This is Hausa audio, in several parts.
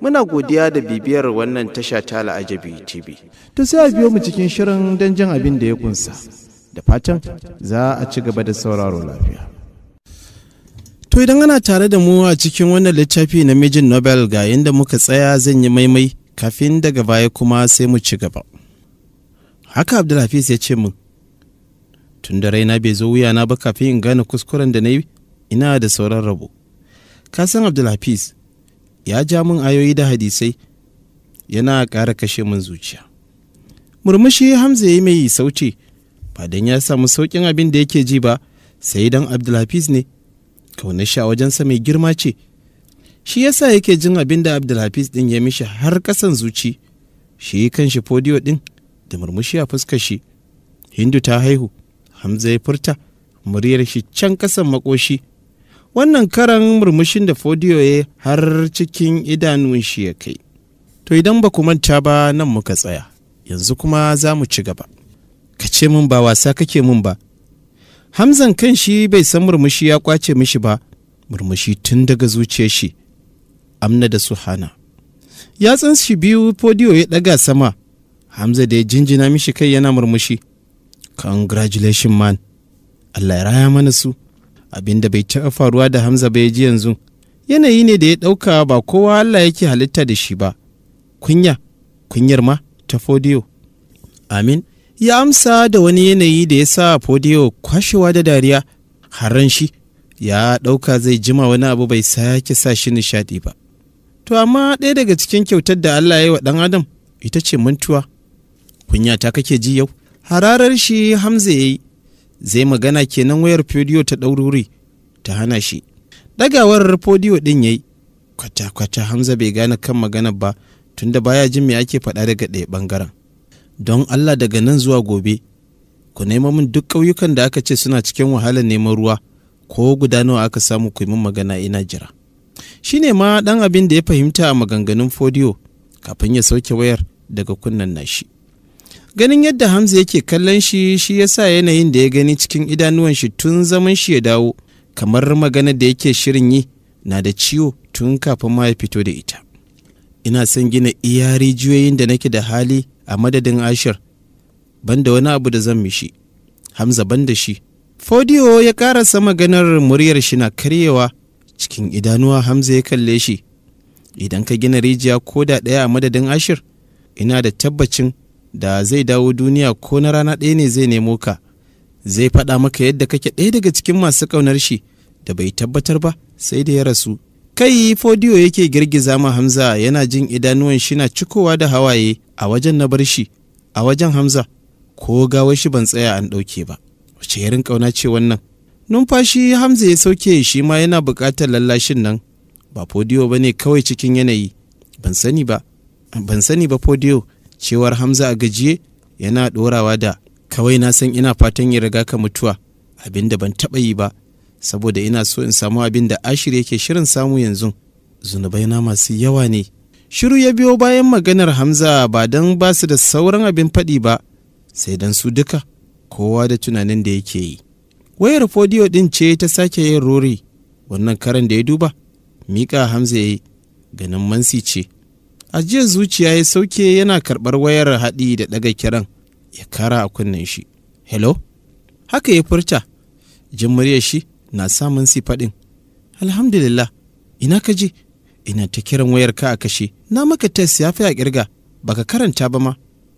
Muna godiya da bibiyar wannan tasha ta la'ajabi TV. Ta sai a biyo mu cikin shirin don abinda abin da ya kunsa. Da fatan za a ci gaba da sauraro lafiya. To idan ana tare da mu a cikin wannan littafi na mijin Nobel ga inda muka tsaya zan yi maimai kafin daga baya kuma sai mu ci gaba. Haka Abdulhafiz ya ce min, tun da raina bai zo wuyana ba kafin in gane kuskuren da na yi ina da sauran rabo. Ka san Abdulhafiz, ya ja min ayoyi da hadisai yana ƙara kashe min zuciya murmushi hamza ya yi mai sauce ba don ya samu sauƙin abin da yake ji ba sai don abdulhafiz ne kaunar sha wajensa mai girma ce shi yasa yake jin abin da abdulhafiz din ya mishi har ƙasan zuci shi yi kan shi fodiyo din da murmushi a fuskar shi hindu ta haihu hamza ya furta muryar shi can ƙasan maƙoshi. wannan karan murmushin da fodiyo ya har cikin idanun shi ya kai to idan ba ku manta ba nan muka tsaya yanzu kuma za mu ci gaba ka ce min ba wasa kake min ba hamzan kan shi bai san murmushi ya kwace mishi ba murmushi tun daga zuciyar shi amna da suhana yatsan shi biyu fodiyo ya ɗaga sama hamza da ya jinjina mishi kai yana murmushi congratulation man allah ya raya mana su abin da bai taɓa faruwa da hamza ba ya ji yanzu yanayi ne da ya ɗauka ba kowa allah yake halitta da shi ba kunya kunyar ma ta fodiyo amin ya amsa da wani yanayi da ya sa fodiyo kwashewa da dariya haran shi ya ɗauka zai jima wani abu bai sake sa shi nishaɗi ba to amma ɗaya daga cikin kyautar da allah ya yi wa ɗan adam ita ce mantuwa kunya ta kake ji yau hararar shi hamza ya yi zai magana kenan wayar fodiyo ta ɗaururi ta hana shi ɗagawar fodiyo ɗin yayi kwata-kwata hamza bai gane kan magana ba tunda baya jin me ake faɗa daga ɗaya ɓangaren don allah daga nan zuwa gobe ku nema min duk ƙauyukan da aka ce suna cikin wahalar neman ruwa ko guda nawa aka samu ku min magana ina jira shine ma ɗan abin da ya fahimta a maganganun fodiyo kafin ya sauke wayar daga kunnen nashi ganin yadda hamza yake kallon shi shi ya sa yanayin da ya gani cikin idanuwan shi tun zaman shi ya dawo kamar maganar da yake shirin yi na da ciwo tun kafin ma ya fito da ita ina son gina iya rijiyoyin da nake da hali a madadin ashir banda wani abu da zan mishi hamza banda shi fodiyo ya karasa maganar muryar shi na karyewa cikin idanuwa hamza ya kalle shi idan ka gina rijiya ko da ɗaya a madadin ashir ina da tabbacin da zai dawo duniya ko na rana ɗaya ne zai nemo ka zai faɗa maka yadda kake ɗaya daga cikin masu ƙaunar shi da bai tabbatar ba sai da ya rasu kai fodiyo yake girgiza ma hamza yana jin idanuwan shi na cikowa da hawaye a wajen na bar shi a wajen hamza ko gawar shi ban tsaya an ɗauke ba wace yarin ƙauna ce wannan numfashi hamza ya sauke shi ma yana buƙatar lallashin nan ba fodiyo ba ne kawai cikin yanayi ban sani ba ban sani ba fodiyo cewar hamza a gajiye yana ɗorawa da kawai na san ina fatan ya riga ka mutuwa abin da ban taɓa yi ba saboda ina so in samu abin da ashir yake shirin samu yanzu zunubai na masu yawa ne shiru ya biyo bayan maganar hamza ba don ba su da sauran abin faɗi ba sai don su duka kowa da tunanin da yake yi wayar fodiyo ɗin ce ta sake yin rori wannan karan da ya duba miƙa hamza ya yi ganin mansi ce ajiyar zuciya ya sauke yana karɓar wayar haɗi da ɗaga kiran ya kara a kunnen shi hello haka ya furta jin muryar shi na samun si alhamdulillah ina ka je ina ta kiran wayar ka a kashe na maka tes ya fi a kirga baka karanta ba ma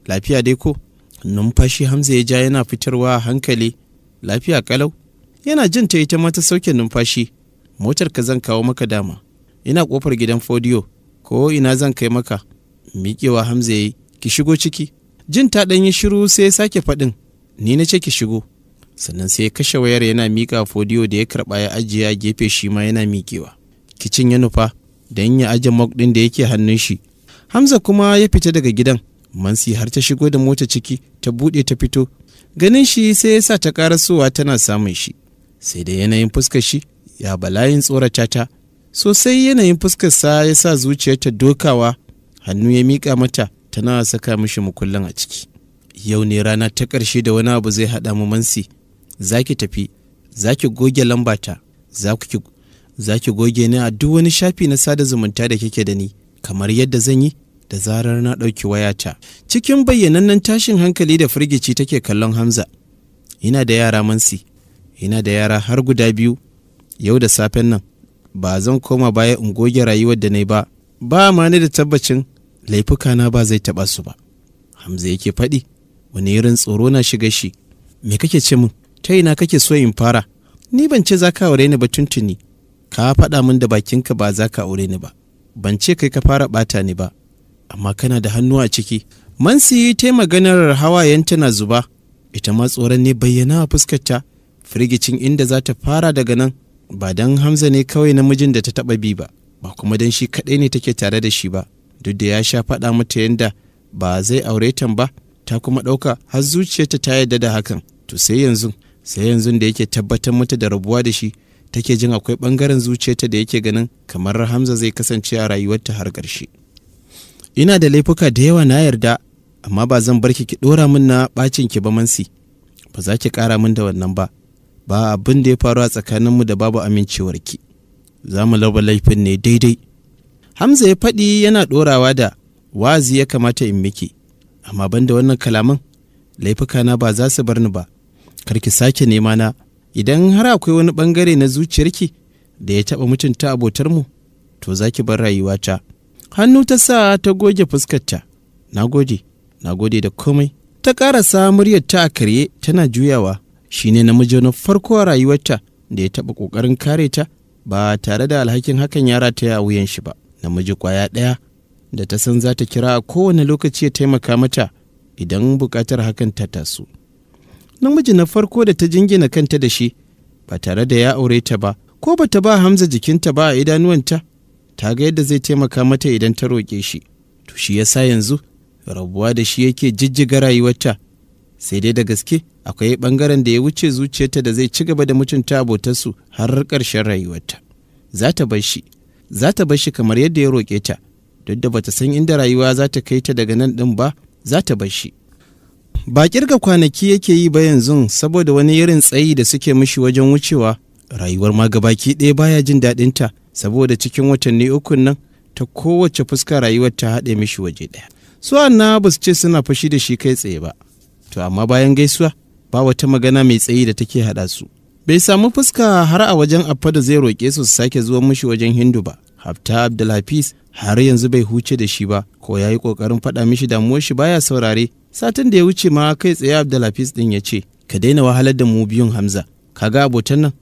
lafiya dai ko numfashi hamza ya ja yana fitarwa a hankali lafiya kalau yana jin ta ita mata sauke numfashi motar ka zan kawo maka dama ina ƙofar gidan fodiyo ko ina zan kai maka miƙewa hamza ya yi ki shigo ciki jin ta ɗan shiru sai ya sake faɗin ni na ce ki shigo sannan sai ya kashe wayar yana miƙa fodiyo da ya karɓa ya ajiye a gefe shi ma yana miƙewa kicin ya nufa don ya aje mok ɗin da yake hannun shi hamza kuma ya fita daga gidan mansi har ta shigo da mota ciki ta buɗe ta fito ganin shi sai ya sa ta ƙarasowa tana samun shi sai da yanayin fuskar shi ya balayin tsorata ta sosai yanayin fuskarsa ya sa zuciyarta dokawa hannu ya mika mata tana saka mishi mukullin a ciki yau ne rana ta ƙarshe da wani abu zai haɗa mu mansi za ki tafi za ki goge lambata za ki goge ni a duk wani shafi na sada zumunta da kike da ni kamar yadda zan yi da zarar na ɗauki wayata cikin bayyanannen tashin hankali da firgici take kallon hamza yana da yara mansi yana da yara har guda biyu yau da safen nan ba zan koma baya in goge rayuwar da na ba ba ma ni da tabbacin laifukana ba zai taba su ba hamza yake faɗi wani irin tsoro na shiga shi me kake ce min ta ina kake so in fara ni ban ce za ka aure ni ba tuntuni ka faɗa min da bakinka ba za ka aure ni ba ban ce kai ka fara bata ni ba amma kana da hannu a ciki mansi ta maganar hawayen tana zuba ita ma tsoron ne bayyana a fuskarta firgicin inda za ta fara daga nan ba don hamza ne kawai namijin da ta taɓa bi ba ba kuma don shi kaɗai ne take tare da shi ba duk da ya sha faɗa mata yadda ba zai aure ta ba ta kuma ɗauka har zuciyarta ta yarda da hakan to sai yanzu sai yanzu da yake tabbatar mata da rabuwa da shi take jin akwai ɓangaren zuciyarta da yake ganin kamar hamza zai kasance a rayuwarta har ƙarshe ina da laifuka da yawa na yarda amma ba zan bar ki ki ɗora min na ɓacin ki ba mansi ba za ki ƙara min da wannan ba ba abin da ya faru a tsakaninmu da babu amincewarki za mu laba laifin ne daidai hamza ya faɗi yana ɗorawa da wazi ya kamata in miki amma banda wannan kalaman laifukana ba za su bar ni ba karki sake nema na idan har akwai wani ɓangare na zuciyarki da ya taɓa mutunta abotarmu to za ki bar rayuwata hannu ta sa ta goge fuskarta na gode na gode da komai ta ƙarasa muryarta a karye tana juyawa shine namiji na farko a rayuwarta da ya taɓa ƙoƙarin kare ta ba tare da alhakin hakan ya ta a wuyan shi ba namiji kwaya ɗaya da ta san za ta kira a kowane lokaci ya taimaka mata idan buƙatar hakan ta taso namiji na farko da ta jingina kanta da shi ba tare da ya aure ta ba ko ba ta ba hamza jikinta ba a idanuwanta ta ga yadda zai taimaka mata idan ta roƙe shi to shi yasa yanzu rabuwa da shi yake jijjiga rayuwarta sai dai da gaske akwai bangaren da ya wuce zuciyarta da zai ci gaba da mutunta abotarsu har ƙarshen rayuwarta za ta bar shi za ta bar shi kamar yadda ya roƙe ta duk da bata san inda rayuwa za ta kai ta daga nan ɗin ba za ta bar shi ba kirga kwanaki yake yi ba yanzu saboda wani irin tsayi da suke mishi wajen wucewa rayuwar ma gabaki ɗaya baya jin daɗin ta saboda cikin watanni ukun nan ta kowace fuska rayuwar ta haɗe mishi waje ɗaya su na ba su ce suna fashi da shi kai tsaye ba to amma bayan gaisuwa ba wata magana mai tsayi da take haɗa su bai samu fuska har a wajen affa da zai roƙe su su sake zuwa mushi wajen hindu ba hafta abdulhafiz har yanzu bai huce da shi ba ko ya yi ƙoƙarin faɗa mishi damuwar shi baya saurare satin da ya wuce ma kai tsaye abdulhafiz ɗin ya ce ka daina wahalar da mu biyun hamza Ka ga abotan nan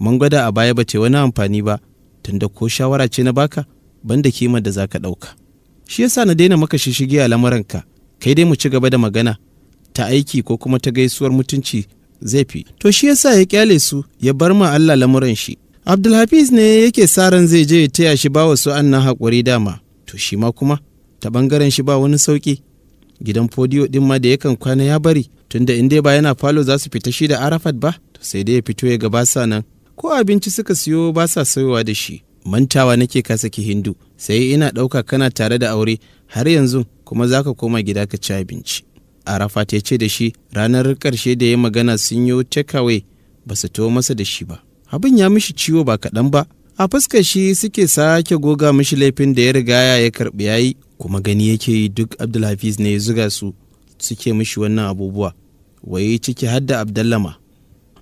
mun gwada a baya bace wani amfani ba tunda ko shawara ce na baka banda kimar da zaka ɗauka shi yasa na daina maka shishige a lamuranka kai dai mu ci gaba da magana ta aiki ko kuma ta gaisuwar mutunci zai fi to shi yasa ya kyale su ya bar ma Allah lamuran shi Abdulhafiz ne yake sa ran zai je ya taya shi ba wasu annan haƙuri dama to shi ma kuma ta bangaren shi ba wani sauki gidan fodiyo din ma da yakan kwana ya bari tunda in dai ba yana falo za su fita shi da Arafat ba to sai dai ya fito ya ga basa nan ko abinci suka siyo ba sa sayowa da shi mantawa nake ka saki hindu sai ina ɗauka kana tare da aure har yanzu kuma za ka koma gida ka ci abinci arafat ya ce da shi ranar ƙarshe da ya magana sun yi takeaway ba su to masa da shi ba abin ya mishi ciwo ba kaɗan ba a fuskar shi suke sake goga mishi laifin da ya rigaya ya karɓi yayi kuma gani yake yi duk abdulhafiz ne ya zuga su suke mishi wannan abubuwa wai ciki har da abdallama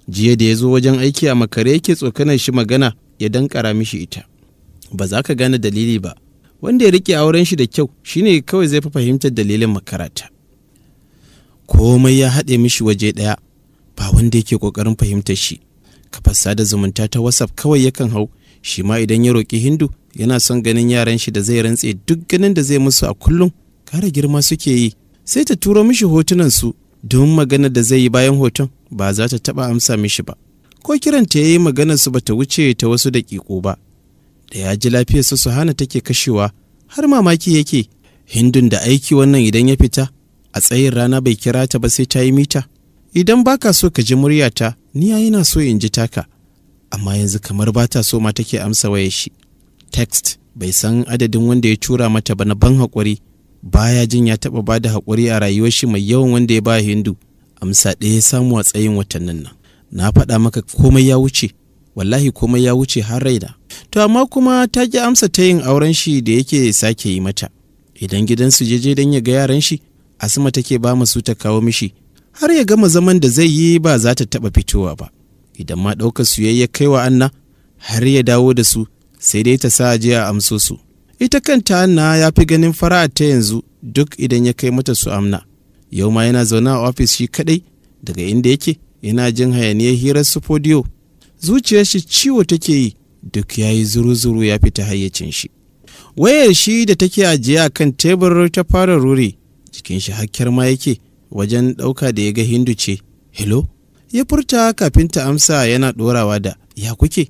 jiya da ya zo wajen aiki a makare yake tsokanar shi magana ya dankara mishi ita ba za ka gane dalili ba wanda ya rike auren shi da kyau shine kawai zai fi fahimtar dalilin makarata komai ya haɗe mishi waje ɗaya ba wanda yake ƙoƙarin fahimtar shi kafar sada zumunta ta whatsapp kawai yakan hau shi ma idan ya roƙi hindu yana son ganin yaran shi da zai rantse duk ganin da zai musu a kullum kara girma suke yi sai ta turo mishi hotunan su don maganar da zai yi bayan hoton ba za ta taɓa amsa mishi ba ko kiranta ya yi maganar su bata wuce ta wasu daƙiƙo ba da ya ji lafiyar su hana take kashewa har mamaki yake hindun da aiki wannan idan ya fita a tsayin rana bai kira ta ba sai ta yi mita idan baka so ka ji muryata ni ya yana so in ji taka amma yanzu kamar ba ta so ma take amsa waye shi text bai san adadin wanda ya tura mata ba na ban haƙuri baya jin ya taɓa ba da haƙuri a rayuwar shi mai yawan wanda ya ba hindu amsa ɗaya ya samu a tsayin watannin nan na faɗa maka komai ya wuce wallahi komai ya wuce har raina to amma kuma ta ki amsa ta yin auren shi da yake sake yi mata idan gidansu je je don ya ga yaran shi asima take ba su ta kawo mishi har ya gama zaman da zai yi ba za ta taɓa fitowa ba idan ma ɗaukar su ya kai wa anna har ya dawo da su sai dai ta sa je a amso su ita kanta anna ya fi ganin fara'a ta yanzu duk idan ya kai mata su amna yau ma yana zaune a ofis shi kaɗai daga inda yake yana jin hayaniyar hirar su fodiyo zuciyar shi ciwo take yi duk yayi yi zuru-zuru ya fita hayyacin shi wayar shi da take ajiye a kan tebur ta fara ruri cikin shi hakkar ma yake wajen ɗauka da ya ga hindu ce hello ya furta kafin ta amsa yana ɗorawa da ya kuke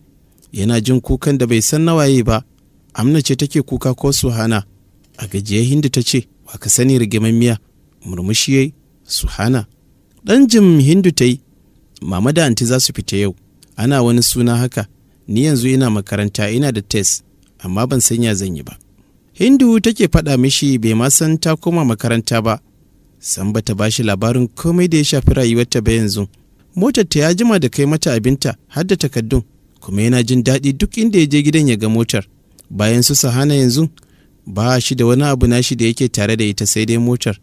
yana jin kukan da bai san nawaye ba amna ce take kuka ko suhana a gajiye hindu ta ce wa ka sani rigimammiya murmushi suhana ɗan jim hindu ta yi mama da anti za su fita yau ana wani suna haka ni yanzu ina makaranta ina da test amma ban sanya zan yi ba hindu take faɗa mishi bai ma san ta koma makaranta ba san bata ba shi labarin komai da ya shafi rayuwarta ba yanzu motar ta ya jima da kai mata abinta har da takaddun kuma yana jin daɗi duk inda ya je gidan ya ga motar bayan su sahana yanzu ba shi da wani abu nashi da yake tare da ita sai dai motar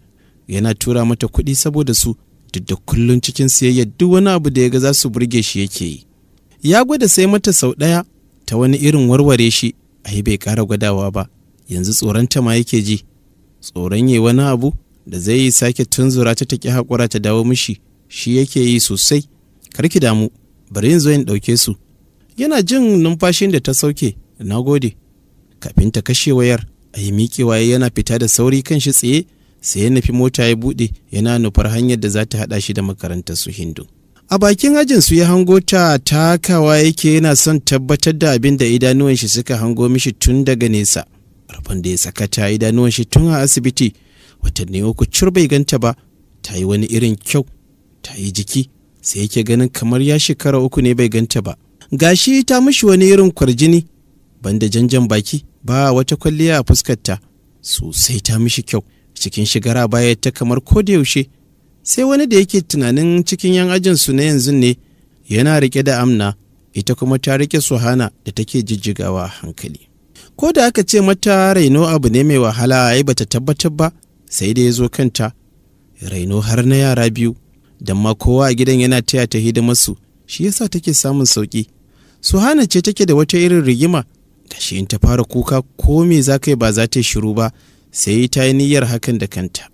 yana tura mata kuɗi saboda su duk da kullun cikin siyayya duk wani abu da ya ga za su burge shi yake yi ya gwada sai mata sau ɗaya ta wani irin warware shi ai bai ƙara gwadawa ba yanzu tsoron ta ma yake ji tsoron yi wani abu da zai yi sake tunzura ta taƙi haƙura ta dawo mishi shi yake yi sosai karki damu bari yin zoyin ɗauke su yana jin numfashin da ta sauke na gode kafin ta kashe wayar a yi miƙewa yana fita da sauri kan shi tsaye sai ya nufi mota ya buɗe yana nufar hanyar da za ta haɗa shi da makarantar su hindu a bakin ajin su ya hango ta takawa yake yana son tabbatar da abin da idanuwan shi suka hango mishi tun daga nesa farkon da ya saka ta yi danuwan shi tun a asibiti watanni uku cur bai ganta ba ta yi wani irin kyau ta yi jiki sai yake ganin kamar ya shekara uku ne bai ganta ba gashi ta mishi wani irin kwarjini banda janjan baki ba wata kwalliya a fuskar ta sosai ta mishi kyau cikin shigara baya ta kamar ko da yaushe sai wani da yake tunanin cikin yan ajin su na yanzu ne yana rike da amna ita kuma ta rike suhana da take jijjigawa hankali ko da aka ce mata raino abu ne mai wahala ai bata tabbatar ba sai dai ya zo kanta raino har na yara biyu don ma kowa a gidan yana taya ta hidimarsu shi yasa take samun sauki su hana ce take da wata irin rigima shi in ta fara kuka ko me za ka yi ba za ta yi shiru ba sai ta yi niyyar hakan da kanta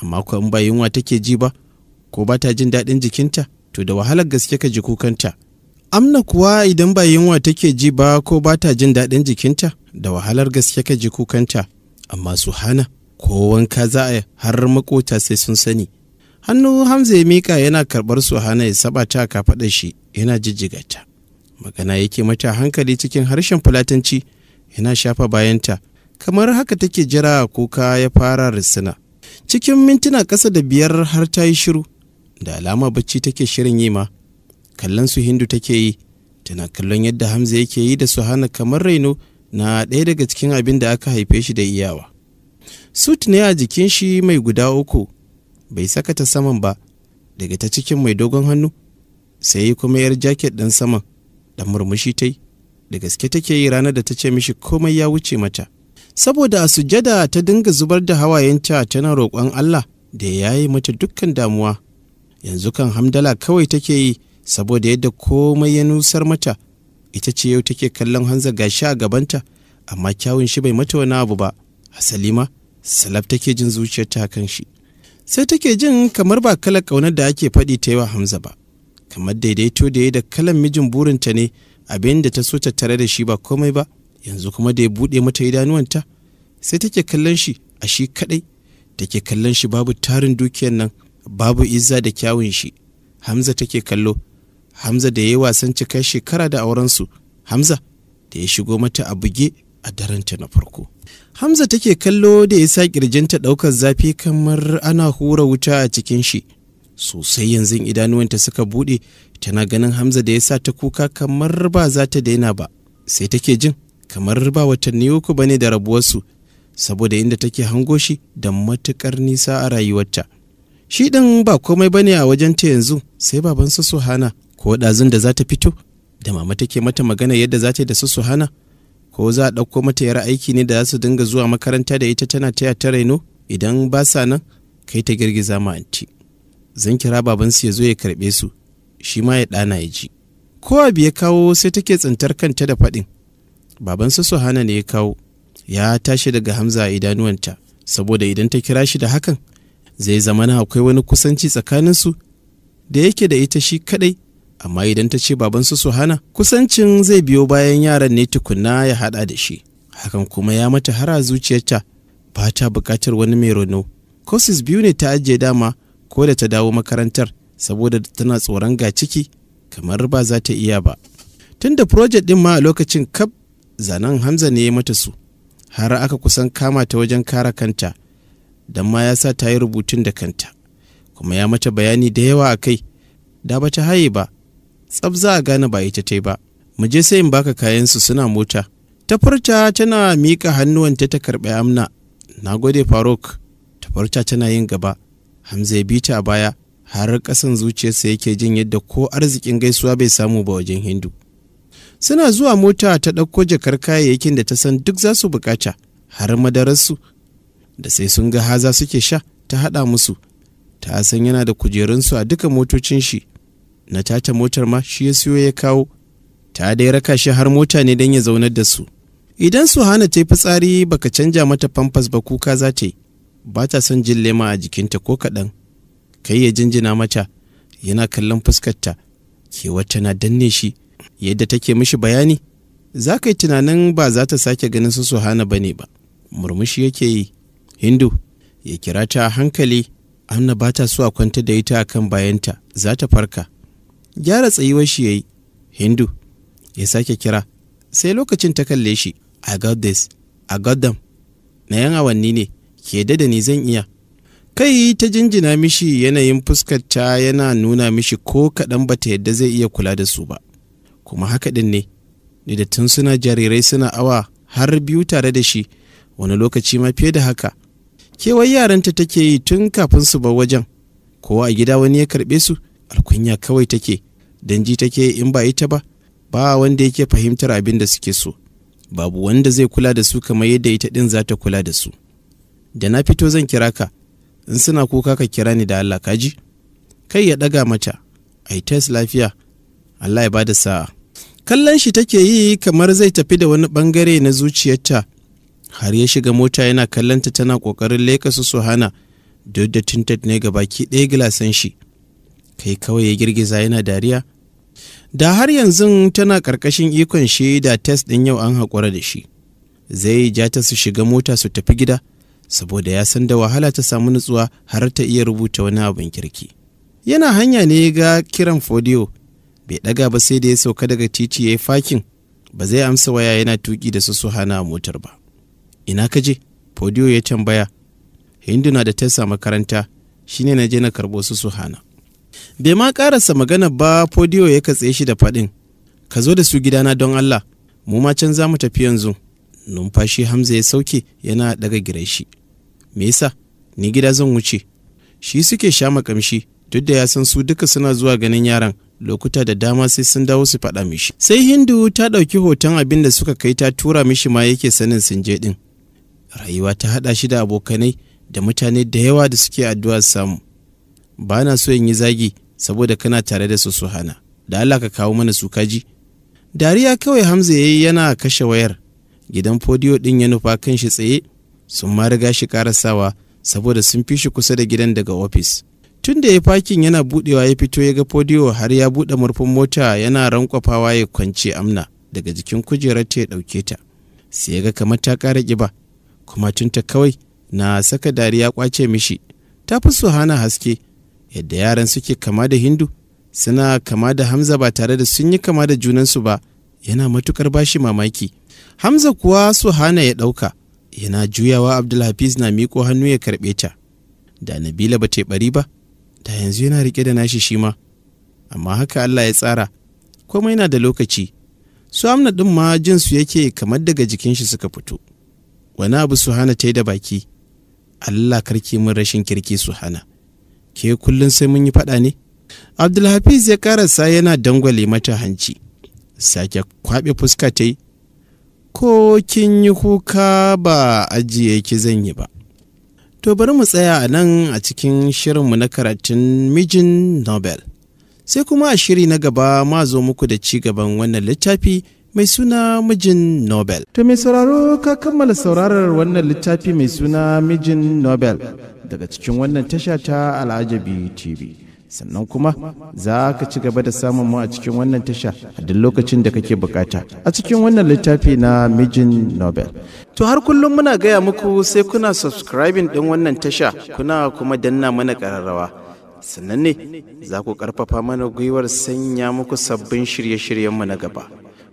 amma ko in ba yunwa take ji ba ko ba ta jin daɗin jikinta to da wahalar gaske ka ji kukanta amna kuwa idan ba yunwa take ji ba ko ba ta jin daɗin jikinta da wahalar gaske ka ji kukanta amma su hana ko wanka za a har makota sai sun sani hannu hamza ya mika yana karɓar su hana ya saba ta kafaɗar shi yana jijjiga ta magana yake mata hankali cikin harshen fulatanci yana shafa bayanta kamar haka take jira kuka ya fara risina cikin mintuna ƙasa da biyar har ta yi shiru da alama bacci take shirin yi ma kallon su hindu take yi tana kallon yadda hamza yake yi da su hana kamar raino na ɗaya daga cikin abin da aka haife shi da iyawa sut ne a jikin shi mai guda uku bai saka ta saman ba daga ta cikin mai dogon hannu sai yi kuma yar jaket ɗin saman ɗan murmushi ta yi da gaske take yi ranar da ta ce mishi komai ya wuce mata saboda a sujada ta dinga zubar da hawayenta tana roƙon Allah da ya yi mata dukkan damuwa yanzu kan hamdala kawai take yi saboda yadda komai ya nusar mata ita ce yau take kallon hanza gashi a gabanta amma kyawun shi bai mata wani abu ba hasali ma salaf take jin ta kan shi sai take jin kamar ba kalar kaunar da ake faɗi ta yi wa hamza ba kamar daidaito da yi da kalan mijin burinta ne abin da ta so ta tare da shi ba komai ba yanzu kuma da ya buɗe mata idanuwanta sai take kallon shi a shi kaɗai take kallon shi babu tarin dukiyar nan babu izza da kyawun shi hamza take kallo hamza da ya yi wasan cikar shekara da aurensu hamza da ya shigo mata a buge a daranta na farko hamza take kallo da ya sa kirjinta ɗaukar zafi kamar ana hura wuta a cikin shi sosai yanzu idanuwanta suka buɗe tana ganin hamza da ya sa ta kuka kamar ba za ta daina ba sai take jin kamar ba watanni uku ba ne da rabuwarsu saboda inda take hango shi da matuƙar nisa a rayuwarta shi ɗin ba komai ba ne a wajenta yanzu sai babansa suhana ko ɗazun da za ta fito da mama take mata magana yadda za ta yi da su su hana ko za a ɗauko mata yara aiki ne da za su dinga zuwa makaranta da ita tana taya ta raino idan ba sa nan kai ta girgiza ma anti zan kira babansu ya zo ya karɓe su shi ma ya ɗana ya ji ko abu ya kawo sai take tsintar kanta da faɗin Baban su hana ne ya kawo ya tashi daga hamza a idanuwanta saboda idan ta kira shi da hakan zai zama na akwai wani kusanci tsakaninsu da yake da ita shi kaɗai amma idan ta ce babansu su hana kusancin zai biyo bayan yaran ne tukunna ya haɗa da shi hakan kuma ya mata hara zuciyarta ba ta buƙatar wani mai rano kosis biyu ne ta ajiye dama ko da ta dawo makarantar saboda tana tsoron ga ciki kamar ba za ta iya ba tun da project din ma a lokacin kaf zanen hamza ne ya mata su har aka kusan kama ta wajen kara kanta don ma ya sa ta yi rubutun da kanta kuma ya mata bayani da yawa a kai da ba ta haye ba tsab a gane ba ita ta ba mu je sai in baka kayan su suna mota ta furta tana mika hannuwan ta ta karɓi amna na gode faruk ta furta tana yin gaba hamza ya bi ta baya har ƙasan zuciyarsa yake jin yadda ko arzikin gaisuwa bai samu ba wajen hindu suna zuwa mota ta ɗauko jakar kayayyakin da ta san duk za su bukata har madararsu da sai sun ga haza suke sha ta haɗa musu ta san yana da kujerunsu a duka motocin shi na tata motar ma shi ya siyo ya kawo ta dai raka shi har mota ne don ya zaunar da su idan su hana ta yi fitsari baka canja mata famfas ba kuka za ta yi ba ta son jin lema a jikinta ko kaɗan kai ya jinjina mata yana kallon fuskarta wata na danne shi yadda take mishi bayani za ka yi tunanin ba za ta sake ganin su suhana ba ne ba murmushi yake yi hindu ya kira ta hankali amna ba ta so a kwanta da ita akan bayanta za ta farka gyara tsayuwar shi ya yi hindu ya sake kira sai lokacin ta kalle shi i got this i got them na yan awanni ne ke da ni zan iya kai ta jinjina mishi yanayin fuskarta yana nuna mishi ko kaɗan bata yadda zai iya kula da su ba kuma haka ɗin ne ni da tun suna jarirai suna awa har biyu tare da shi wani lokaci ma fiye da haka Kewai yaranta take yi tun kafin su ba wajen kowa a gida wani ya karɓe su alkunya kawai take don ji take in ba ita ba ba wanda yake fahimtar abin da suke so babu wanda zai kula da su kamar yadda ita din za ta kula da su da na fito zan kira ka in suna kuka ka kira ni da Allah ka ji kai ya ɗaga mata ai tes lafiya Allah ya bada sa'a kallon shi take yi kamar zai tafi da wani bangare na zuciyarta har ya shiga mota yana kallonta tana kokarin leka su su hana duk da tintat ne ga baki ɗaya gilasan shi kai kawai ya girgiza yana dariya da har yanzu tana ƙarƙashin ikon shi da test ɗin yau an haƙura da shi zai ja ta su shiga mota su tafi gida saboda ya san da wahala ta samu nutsuwa har ta iya rubuta wani abin kirki yana hanya ne ga kiran fodiyo bai ɗaga ba sai da ya sauka daga titi ya yi fakin ba zai amsa waya yana tuki da su su hana a motar ba ina ka je fodiyo ya tambaya hindu na da tessa makaranta shine na je na karɓo su su hana bai ma karasa magana ba podiyo ya katse shi da faɗin ka zo da su gidana don allah mu ma can za mu tafi yanzu numfashi hamza ya sauke yana daga girai shi me yasa ni gida zan wuce shi suke sha makamshi duk da ya san su duka suna zuwa ganin yaran lokuta da dama sai sun dawo su faɗa mishi sai hindu ta ɗauki hoton abin da suka kai ta tura mishi ma yake sanin sun je ɗin rayuwa ta haɗa shi da abokanai da mutane da yawa da suke addu'a samu ba na so in yi zagi saboda kana tare da su su hana da Allah ka kawo mana su kaji dariya kawai hamza ya yi yana kashe wayar gidan fodiyo ɗin ya nufa kan shi tsaye sun ma riga shi karasawa saboda sun fi shi kusa da gidan daga ofis tun da ya fakin yana buɗewa ya fito ya ga fodiyo har ya buɗe murfin mota yana rankwafawa ya kwance amna daga jikin kujerar ta ya ɗauke ta sai ya ga kamar ta ƙara ƙiba kuma tun ta kawai na saka dariya kwace mishi ta fi su hana haske yadda yaran suke kama da hindu suna kama da hamza ba tare da sun yi kama da junansu ba yana matukar bashi mamaki hamza kuwa su hana ya ɗauka yana juyawa abdulhafiz na miko hannu ya karɓe ta da nabila ba ta ɓari ba da yanzu yana riƙe da nashi shima. amma haka allah ya tsara komai yana da lokaci su amna ɗin ma jinsu yake kamar daga jikin shi suka fito wani abu su hana ta yi da baki allah karki mun rashin kirki su hana ke kullum sai mun yi faɗa ne abdulhafiz ya karasa yana dangwale mata hanci sake kwaɓe fuska ta yi ko kin yi kuka ba ajiye ki zan yi ba to bari mu tsaya a nan a cikin shirinmu na karatun mijin nobel sai kuma a shiri na gaba ma zo muku da ci gaban wannan littafi mai suna mijin Nobel. To mai sauraro ka kammala saurarar wannan littafi mai suna mijin Nobel daga cikin wannan tasha ta Al'ajabi TV. Sannan kuma za ka ci gaba da samun mu a cikin wannan tasha a duk lokacin da kake bukata a cikin wannan littafi na mijin Nobel. To har kullum muna gaya muku sai kuna subscribing din wannan tasha kuna kuma danna mana kararrawa. sannan ne za ku karfafa mana gwiwar sanya muku sabbin shirye-shiryenmu na gaba.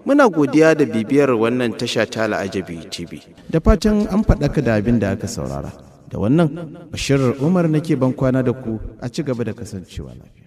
Muna godiya da bibiyar wannan tasha ta La'ajabi TV. Da fatan an faɗaka da abin da aka saurara. Da wannan, bashirar Umar nake ban kwana da ku a ci gaba da kasancewa lafiya.